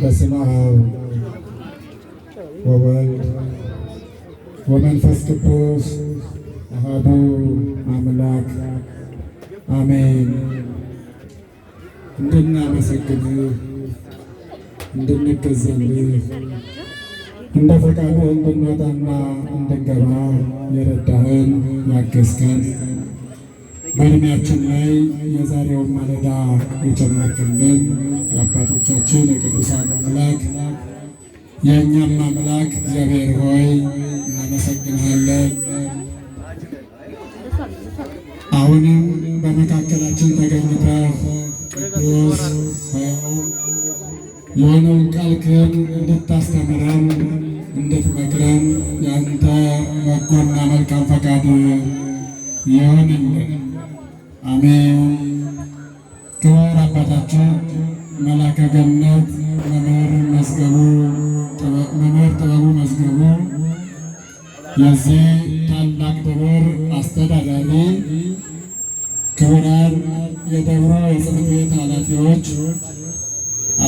በስመ አብ ወወልድ ወመንፈስ ቅዱስ አሐዱ አምላክ አሜን። እንድናመሰግንህ እንድንገዛልህ እንደ ፈቃድህ እንድንወጣና እንድንገባ የረዳህን ያገዝከን በእድሜያችን ላይ የዛሬውን ማለዳ የጀመርክልን የአባቶቻችን የቅዱሳን አምላክ የእኛም አምላክ እግዚአብሔር ሆይ እናመሰግንሃለን። አሁንም በመካከላችን ተገኝተህ ቅዱስ የሆነውን ቃልህን እንድታስተምረን እንድትመክረን የአንተ በጎና መልካም ፈቃድ ይሁንልን። አሜን። ክቡር አባታችን መላከ ገነት መምህር መዝገቡ መምህር ጥበቡ መዝገቡ የዚህ ታላቅ ደብር አስተዳዳሪ፣ ክቡራን የደብሩ የጽሕፈት ቤት ኃላፊዎች፣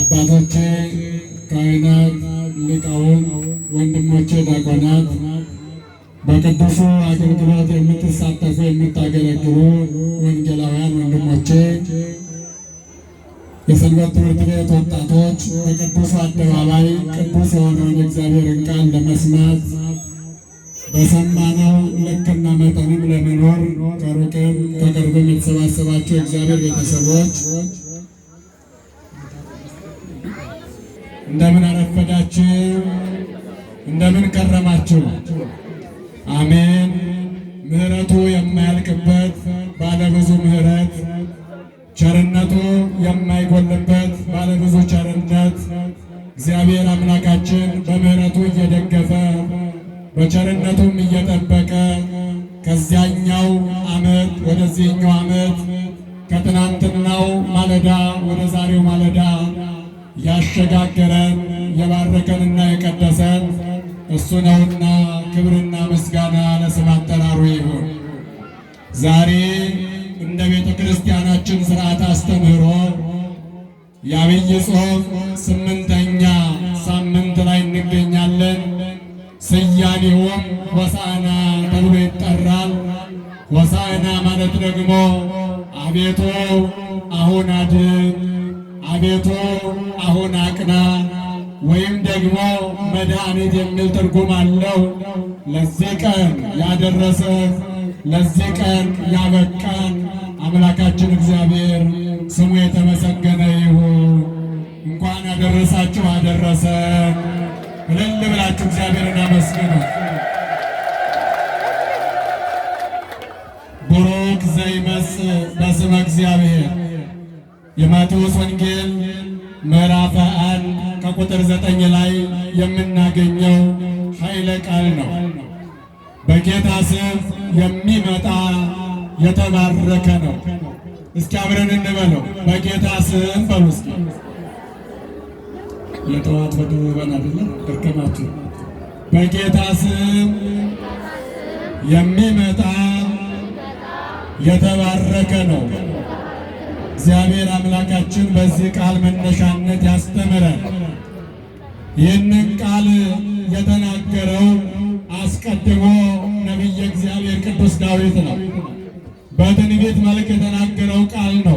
አባቶቼ ካህናት፣ ሊቃውንት፣ ወንድሞቼ ዲያቆናት በቅዱሱ አገልግሎት የምትሳተፉ የምታገለግሉ የእምነት ወጣቶች በቅዱስ አደባባይ ቅዱስ የሆነውን እግዚአብሔርን ቃል ለመስማት በሰማነው ልክና መጠንም ለመኖር ከሩቅም ከቅርብም የተሰባሰባቸው እግዚአብሔር ቤተሰቦች እንደምን አረፈዳችሁ? እንደምን ከረማችሁ? አሜን። ምሕረቱ የማያልቅበት ባለብዙ ምሕረት ቸርነቱ የማይጎልበት ባለብዙ ቸርነት እግዚአብሔር አምላካችን በምሕረቱ እየደገፈ በቸርነቱም እየጠበቀ ከዚያኛው ዓመት ወደዚህኛው ዓመት ከትናንትናው ማለዳ ወደ ዛሬው ማለዳ ያሸጋገረን የባረከንና የቀደሰን እሱ ነውና ክብርና ምስጋና ለስም አጠራሩ ይሁን ዛሬ እንደ ቤተ ክርስቲያናችን ስርዓት አስተምህሮ የአብይ ጾም ስምንተኛ ሳምንት ላይ እንገኛለን። ስያሜውም ሆሳዕና ተብሎ ይጠራል። ሆሳዕና ማለት ደግሞ አቤቱ አሁን አድን፣ አቤቱ አሁን አቅና ወይም ደግሞ መድኃኒት የሚል ትርጉም አለው። ለዚህ ቀን ያደረሰ ለዚህ ቀን ያበቃን አምላካችን እግዚአብሔር ስሙ የተመሰገነ ይሁን። እንኳን ያደረሳችሁ አደረሰ። እልል ብላችሁ እግዚአብሔርን አመስግኑ። ቡሩክ ዘይመጽእ በስመ እግዚአብሔር የማቴዎስ ወንጌል ምዕራፍ አንድ ከቁጥር ዘጠኝ ላይ የምናገኘው ኃይለ ቃል ነው። በጌታ ስም የሚመጣ የተባረከ ነው። እስኪ አብረን እንበለው። በጌታ ስም ፈውስ የጠዋት ወደ ወበን አደለ ደርከማችሁ። በጌታ ስም የሚመጣ የተባረከ ነው። እግዚአብሔር አምላካችን በዚህ ቃል መነሻነት ያስተምረን። ይህንን ቃል የተናገረው አስቀድሞ ነቢየ እግዚአብሔር ቅዱስ ዳዊት ነው በትንቢት መልክ የተናገረው ቃል ነው።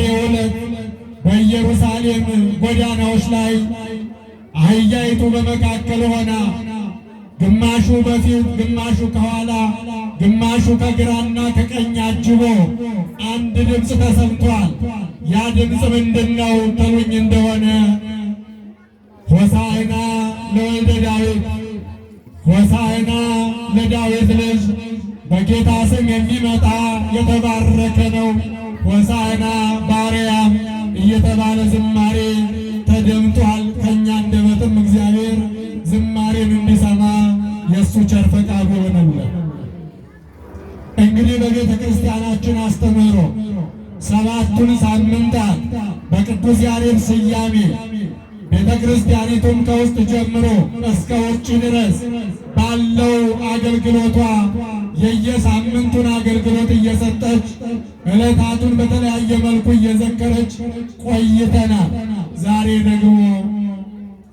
በዛሬ ዕለት በኢየሩሳሌም ጎዳናዎች ላይ አህያይቱ በመካከል ሆና ግማሹ በፊት ግማሹ ከኋላ ግማሹ ከግራና ከቀኝ አጅቦ አንድ ድምፅ ተሰምቷል። ያ ድምፅ ምንድን ነው ትሉኝ እንደሆነ ሆሳዕና ለወልደ ዳዊት፣ ሆሳዕና ለዳዊት ልጅ በጌታ ስም የሚመጣ የተባረከ ነው ሆሳዕና በአርያም እየተባለ ዝማሬ ተደምጧል። ከእኛ አንደበትም እግዚአብሔር ዝማሬን እንዲሰማ የእሱ ቸር ፈቃዱ ይሆነልን። እንግዲህ በቤተ ክርስቲያናችን አስተምህሮ ሰባቱን ሳምንታት በቅዱስ ያሬድ ስያሜ ቤተ ክርስቲያኒቱም ከውስጥ ጀምሮ እስከ ውጭ ድረስ ባለው አገልግሎቷ የየሳምንቱን አገልግሎት እየሰጠች እለታቱን በተለያየ መልኩ እየዘከረች ቆይተናል። ዛሬ ደግሞ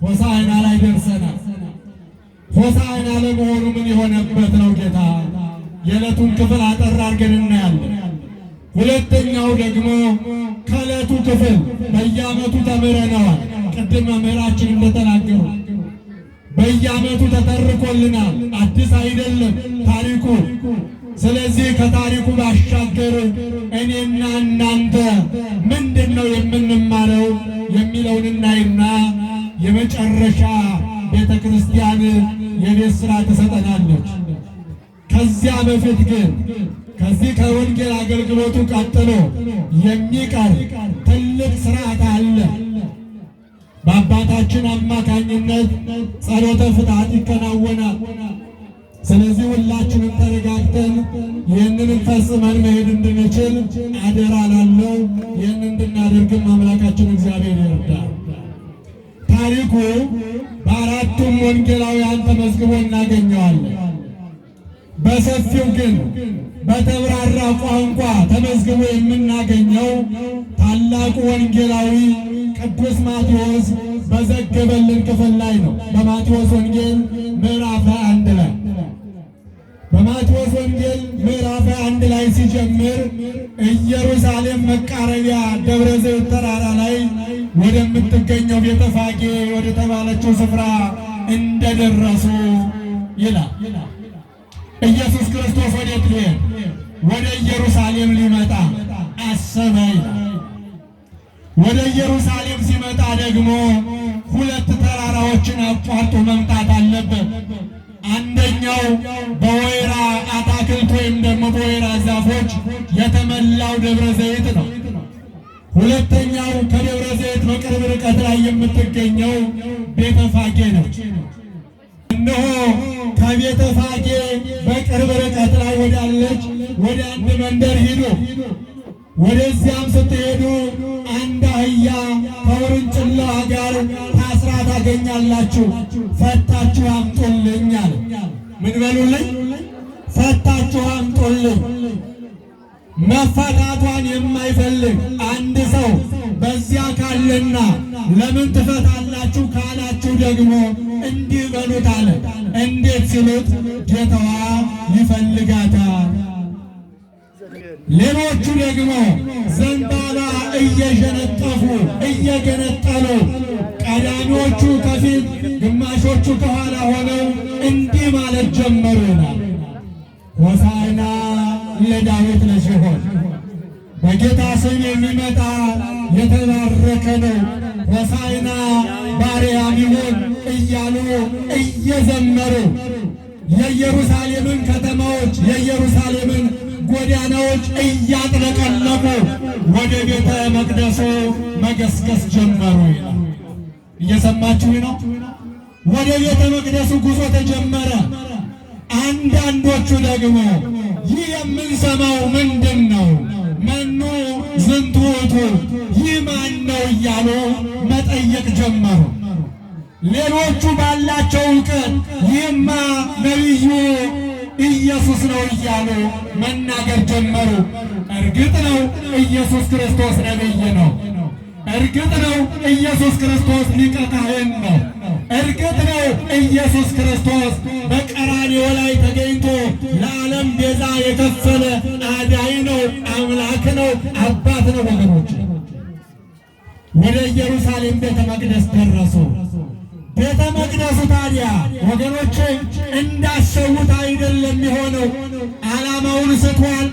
ሆሳዕና ላይ ደርሰናል። ሆሳዕና ለመሆኑ ምን የሆነበት ነው ጌታ? የዕለቱን ክፍል አጠር አድርገን እናያለን። ሁለተኛው ደግሞ ከዕለቱ ክፍል በየዓመቱ ተምረነዋል። ቅድም መምህራችን እንደተናገሩ በየዓመቱ ተተርኮልናል። አዲስ አይደለም ታሪኩ። ስለዚህ ከታሪኩ ባሻገር እኔና እናንተ ምንድን ነው የምንማረው የሚለውን እናይና የመጨረሻ ቤተ ክርስቲያን የቤት ሥራ ትሰጠናለች። ከዚያ በፊት ግን ከዚህ ከወንጌል አገልግሎቱ ቀጥሎ የሚቀር ትልቅ ሥርዓት አለ። በአባታችን አማካኝነት ጸሎተ ፍትሐት ይከናወናል። ስለዚህ ሁላችንም ተረጋግተን ይህንን ፈጽመን መሄድ እንድንችል አደራ ላለው ይህን እንድናደርግም አምላካችን እግዚአብሔር ይርዳል። ታሪኩ በአራቱም ወንጌላውያን ተመዝግቦ እናገኘዋለን። በሰፊው ግን በተብራራ ቋንቋ ተመዝግቦ የምናገኘው ታላቁ ወንጌላዊ ቅዱስ ማቴዎስ በዘገበልን ክፍል ላይ ነው። በማቴዎስ ወንጌል ምዕራፍ አንድ ላይ በማቴዎስ ወንጌል ምዕራፍ አንድ ላይ ሲጀምር ኢየሩሳሌም መቃረቢያ ደብረ ዘይት ተራራ ላይ ወደምትገኘው ቤተፋጌ ወደ ተባለችው ስፍራ እንደደረሱ ይላል። ኢየሱስ ክርስቶስ ወዴት ሊሄድ? ወደ ኢየሩሳሌም ሊመጣ አሰበ። ወደ ኢየሩሳሌም ሲመጣ ደግሞ ሁለት ተራራዎችን አቋርጦ መምጣት አለበት። አንደኛው በወይራ አታክልት ወይም ደግሞ በወይራ ዛፎች የተመላው ደብረ ዘይት ነው። ሁለተኛው ከደብረ ዘይት በቅርብ ርቀት ላይ የምትገኘው ቤተፋጌ ነው። እነሆ ከቤተ ፋጌ በቅርብ ርቀት ላይ ወዳለች ወደ አንድ መንደር ሂዱ። ወደዚያም ስትሄዱ አንድ አህያ ከውርንጭላዋ ጋር ታስራ ታገኛላችሁ። ፈታችሁ አምጡልኝ አለ። ምን በሉልኝ? ፈታችሁ አምጡልኝ። መፈታቷን የማይፈልግ አንድ ሰው በዚያ ካለና ለምን ትፈታላችሁ ካላችሁ ደግሞ እንዲህ በሉት አለ። እንዴት ሲሉት ጌታዋ ይፈልጋታል። ሌሎቹ ደግሞ ዘንባባ እየሸነጠፉ እየገነጠሉ ቀዳሚዎቹ ከፊት ግማሾቹ ከኋላ ሆነው እንዲህ ማለት ጀመሩ ይላል ሆሳዕና ለዳዊት ለሲሆን በጌታ ስም የሚመጣ የተባረከ ነው፣ ሆሳዕና በአርያም ይሁን እያሉ እየዘመሩ የኢየሩሳሌምን ከተማዎች የኢየሩሳሌምን ጎዳናዎች እያጥለቀለቁ ወደ ቤተ መቅደሱ መገስገስ ጀመሩ ይላል። እየሰማችሁ ነው። ወደ ቤተ መቅደሱ ጉዞ ተጀመረ። አንዳንዶቹ ደግሞ ይህ የምንሰማው ምንድን ነው? መኑ ዝንቱ ውእቱ ይህ ማን ነው እያሉ መጠየቅ ጀመሩ። ሌሎቹ ባላቸው እውቀት ይህማ ነቢዩ ኢየሱስ ነው እያሉ መናገር ጀመሩ። እርግጥ ነው ኢየሱስ ክርስቶስ ነቢይ ነው። እርግጥ ነው ኢየሱስ ክርስቶስ ሊቀ ካህን ነው። እርግጥ ነው ኢየሱስ ክርስቶስ በቀራንዮ ላይ ተገኝቶ ለዓለም ቤዛ የከፈለ አዳይ ነው፣ አምላክ ነው፣ አባት ነው። ወገኖች ወደ ኢየሩሳሌም ቤተ መቅደስ ደረሱ። ቤተ መቅደሱ ታዲያ ወገኖች እንዳሰቡት አይደለም የሆነው። ዓላማውን ስቷል፣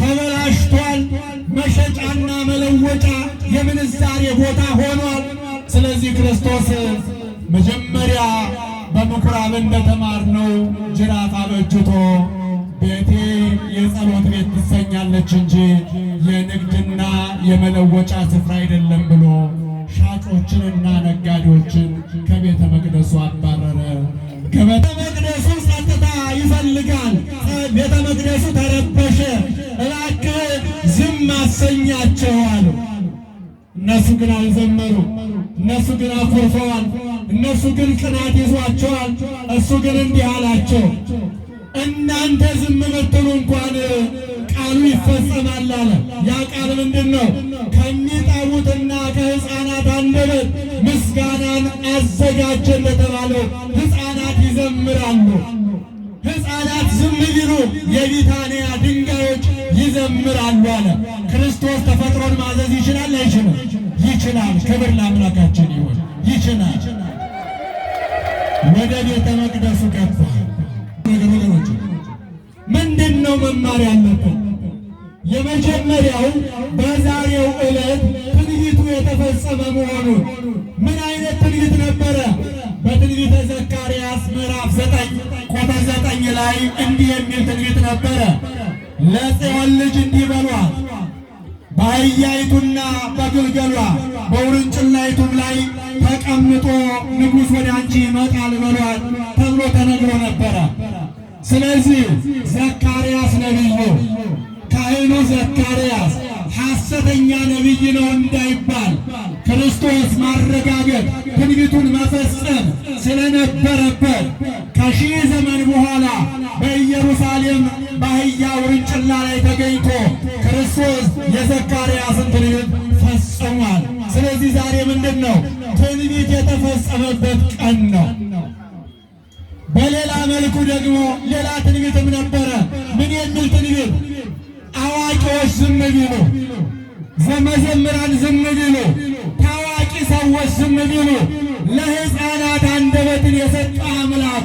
ተበላሽቷል። መሸጫና መለወጫ የምንዛሬ ቦታ ሆኗል። ስለዚህ ክርስቶስ መጀመሪያ በምኩራብ እንደተማርነው ጅራት አበጅቶ ቤቴ የጸሎት ቤት ትሰኛለች እንጂ የንግድና የመለወጫ ስፍራ አይደለም ብሎ ሻጮችንና ነጋዴዎችን ከቤተ መቅደሱ አባረረ። ከቤተ መቅደሱ ጸጥታ ይፈልጋል። ቤተ መቅደሱ ተረበሸ። እባክህ ዝም አሰኛቸዋል እነሱ ግን አልዘመሩ። እነሱ ግን አኮርፈዋል። እነሱ ግን ቅናት ይዟቸዋል። እሱ ግን እንዲህ አላቸው፣ እናንተ ዝም ብትሉ እንኳን ቃሉ ይፈጸማል አለ። ያ ቃል ምንድን ነው? ከሚጠቡትና ከሕፃናት አንደበት ምስጋናን አዘጋጀ እንደተባለው ሕፃናት ይዘምራሉ። ሕፃናት ዝም ቢሉ የቢታንያ ድንጋዮች ይዘምራሉ አለ ክርስቶ ይችላል። ክብር ለአምላካችን ይሁን። ይችላል። ወደ ቤተ መቅደሱ ገባ። ምንድን ነው መማር ያለብን? የመጀመሪያው በዛሬው ዕለት ትንቢቱ የተፈጸመ መሆኑን። ምን አይነት ትንቢት ነበረ? በትንቢተ ዘካርያስ ምዕራፍ ዘጠኝ ቁጥር ዘጠኝ ላይ እንዲህ የሚል ትንቢት ነበረ። ለጽዮን ልጅ እንዲህ በሏት በአህያይቱና በግልገሏ በውርንጭላይቱም ላይ ተቀምጦ ንጉሥ ወደ አንቺ ይመጣል በሏል ተብሎ ተነግሮ ነበረ። ስለዚህ ዘካርያስ ነቢዩ ካህኑ ዘካርያስ ሐሰተኛ ነቢይ ነው እንዳይባል ክርስቶስ ማረጋገጥ ትንቢቱን መፈጸም ስለነበረበት ከሺህ ዘመን በኋላ በኢየሩሳሌም በአህያ ውርንጭላ ላይ ተገኝቶ ክርስቶስ የዘካርያስን ትንቢት ፈጽሟል። ስለዚህ ዛሬ ምንድን ነው? ትንቢት የተፈጸመበት ቀን ነው። በሌላ መልኩ ደግሞ ሌላ ትንቢትም ነበረ። ምን የሚል ትንቢት? አዋቂዎች ዝም ቢሉ፣ ዘመዘምራን ዝም ቢሉ፣ ታዋቂ ሰዎች ዝም ቢሉ፣ ለሕፃናት አንደበትን የሰጠ አምላክ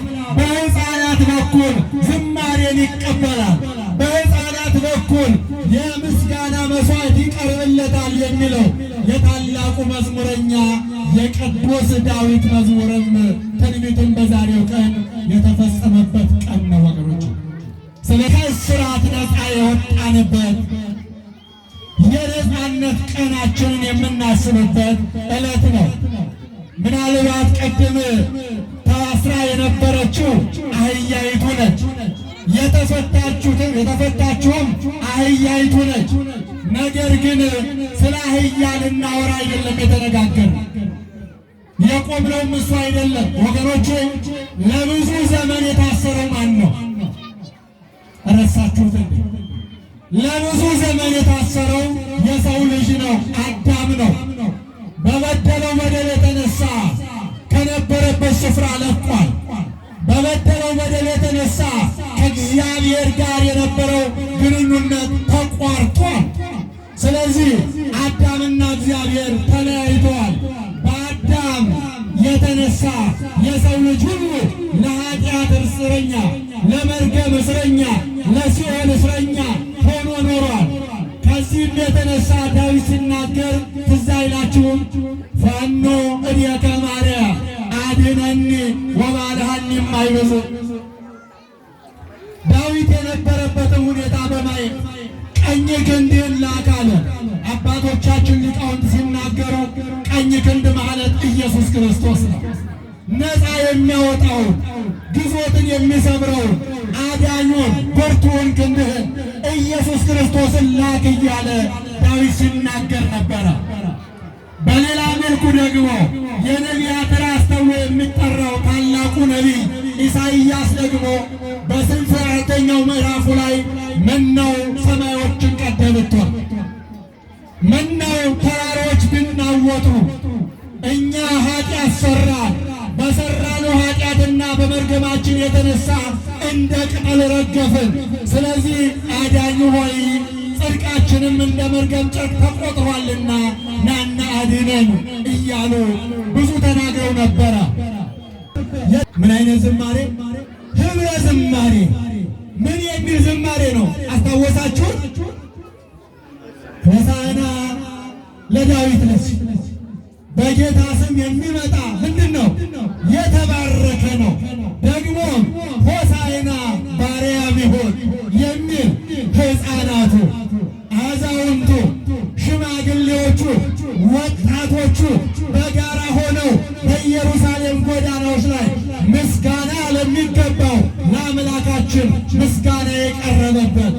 በሕፃናት በኩል ዝማሬን ይቀበላል። በሕፃናት በኩል የምስጋና መሥዋዕት ይቀርብለታል የሚለው የታላቁ መዝሙረኛ የቅዱስ ዳዊት መዝሙርም ትንቢቱን በዛሬው ቀን የተፈጸመበት ቀን ነው ወገኖች። ስለ ከእስራት ነፃ የወጣንበት የነፃነት ቀናችንን የምናስብበት ዕለት ነው። ምናልባት ቅድም ታስራ የነበረችው አህያይቱ ነች። የተፈታችሁትም የተፈታችሁም አህያይቱ ነች። ነገር ግን ስለ አህያ ልናወራ አይደለም የተነጋገርን የቆምነውም እሱ አይደለም ወገኖቼ። ለብዙ ዘመን የታሰረው ማን ነው? ረሳችሁት? ለብዙ ዘመን የታሰረው የሰው ልጅ ነው፣ አዳም ነው። ስለዚህ አዳምና እግዚአብሔር ተለያይተዋል። በአዳም የተነሳ የሰው ልጅ ሁሉ ለኃጢአት እስረኛ፣ ለመርገም እስረኛ፣ ለሲኦል እስረኛ ሆኖ ኖሯል። ከዚህም የተነሳ ዳዊት ሲናገር ትዝ አይላችሁም? ፈኖ እዴከ ማርያም አድነኒ ወባልሐኒ እማይበጽሕ ዳዊት የነበረበትን ሁኔታ በማየት ቀኝ ክንድህን ላክ አለ። አባቶቻችን ሊቃውንት ሲናገሩ ቀኝ ክንድ ማለት ኢየሱስ ክርስቶስ ነው። ነፃ የሚያወጣውን ግዞትን የሚሰብረውን አዳኙን ብርቱውን ክንድህን ኢየሱስ ክርስቶስን ላክ እያለ ዳዊት ሲናገር ነበረ። በሌላ መልኩ ደግሞ የነቢያት ራስ ተብሎ የሚጠራው ታላቁ ነቢይ ኢሳይያስ ደግሞ በስልሳ አራተኛው ምዕራፉ ላይ ምነው ሰማዮችን ቀደምቷል፣ ምነው ተራሮች ቢናወጡ እኛ ኃጢአት ሠራ በሠራነው ኃጢአትና በመርገማችን የተነሳ እንደ ቅጠል ረገፍን። ስለዚህ አዳኙ ሆይ ጽድቃችንም እንደ መርገም ጨርቅ ተቆጥሯልና ናና አድነን እያሉ ብዙ ተናግረው ነበረ። ምን አይነት ዝማሬ ህብረ ዝማሬ ምን የሚል ዝማሬ ነው? አስታወሳችሁ? ሆሳዕና ለዳዊት ነች። በጌታ ስም የሚመጣ ምንድን ነው? የተባረከ ነው። ደግሞ ሆሳዕና ባሪያ ቢሆን የሚል ሕፃናቱ፣ አዛውንቱ፣ ሽማግሌዎቹ፣ ወጣቶቹ ጎዳናዎች ላይ ምስጋና ለሚገባው ለአምላካችን ምስጋና የቀረበበት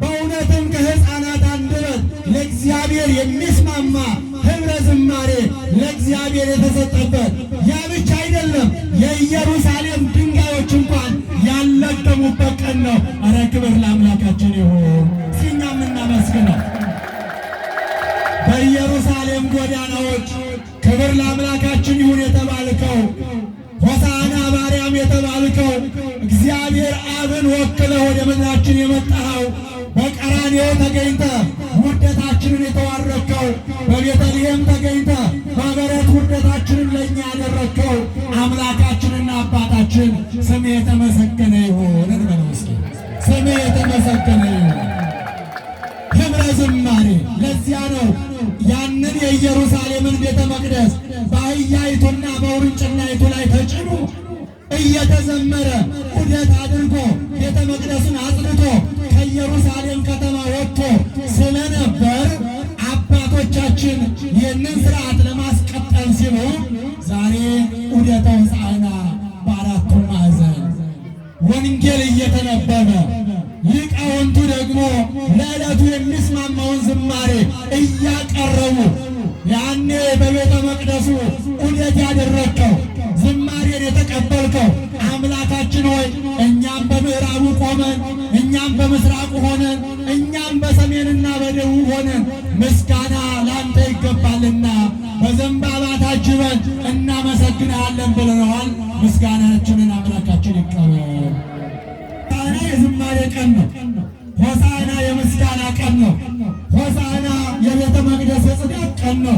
በእውነትም ከሕፃናት አንደበት ለእግዚአብሔር የሚስማማ ኅብረ ዝማሬ ለእግዚአብሔር የተሰጠበት ያ ብቻ አይደለም፣ የኢየሩሳሌም ድንጋዮች እንኳን ያለገሙበት ቀን ነው። አረ ክብር ለአምላካችን ይሁን። ሲኛ የምናመስግነው በኢየሩሳሌም ጎዳናዎች ክብር ለአምላካችን ይሁን የተባልከው ሆሳና ማርያም የተባልከው እግዚአብሔር አብን ወክለ ወደ ምድራችን የመጣኸው በቀራንዮ ተገኝተ ውርደታችንን የተዋረከው በቤተልሔም ተገኝተ በበረት ውርደታችንን ለእኛ ያደረግከው አምላካችንና አባታችን ስም የተመሰገነ ይሁን። እንበለውስኪ ስም የተመሰገነ ይሁን። ክብረ ዝማሬ ለዚያ ነው። ያንን የኢየሩሳሌምን ቤተ መቅደስ በአህያይቱና በውርንጭናይቱ ላይ ተጭኖ እየተዘመረ ውደት አድርጎ ቤተ መቅደሱን አጽድቶ ከኢየሩሳሌም ከተማ ወጥቶ ስለነበር አባቶቻችን ይህንን ስርዓት ለማስቀጠል ሲሉ ዛሬ ዑደተ ሕፃና በአራቱ ማዕዘን ወንጌል እየተነበበ ሊቃውንቱ ደግሞ ለዕለቱ የሚስማማውን ዝማሬ እያቀረቡ ያኔ በቤተ መቅደሱ ዑደት ያደረግከው ዝማሬን የተቀበልከው አምላካችን ሆይ እኛም በምዕራቡ ቆመን እኛም በምስራቁ ሆነን እኛም በሰሜንና በደቡብ ሆነን ምስጋና ላንተ ይገባልና በዘንባባ ታጅበን እናመሰግናለን ብለነዋል። ምስጋናችንን አምላካችን ይቀበል። የዝማሬ ቀን ነው። ሆሳዕና የምስጋና ቀን ነው። ሆሳዕና የቤተ መቅደስ የጽዳት ቀን ነው።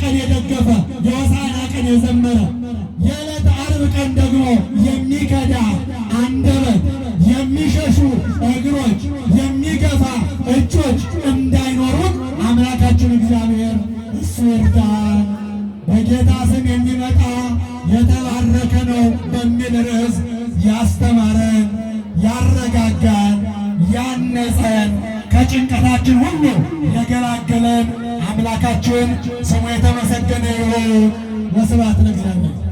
ቀን የደገፈ የሆሳዕና ቀን የዘመረ የዕለት ዓርብ ቀን ደግሞ የሚከዳ አንደበት፣ የሚሸሹ እግሮች፣ የሚገፋ እጆች እንዳይኖሩት አምላካችን እግዚአብሔር እሱ ይርዳን። በጌታ ስም የሚመጣ የተባረከ ነው በሚል ርዕስ ያስተማረን፣ ያረጋጋን፣ ያነጸን ከጭንቀታችን ሁሉ የገላገለን አምላካችን ስሙ የተመሰገነ ይሁን። ወስብሐት ለእግዚአብሔር።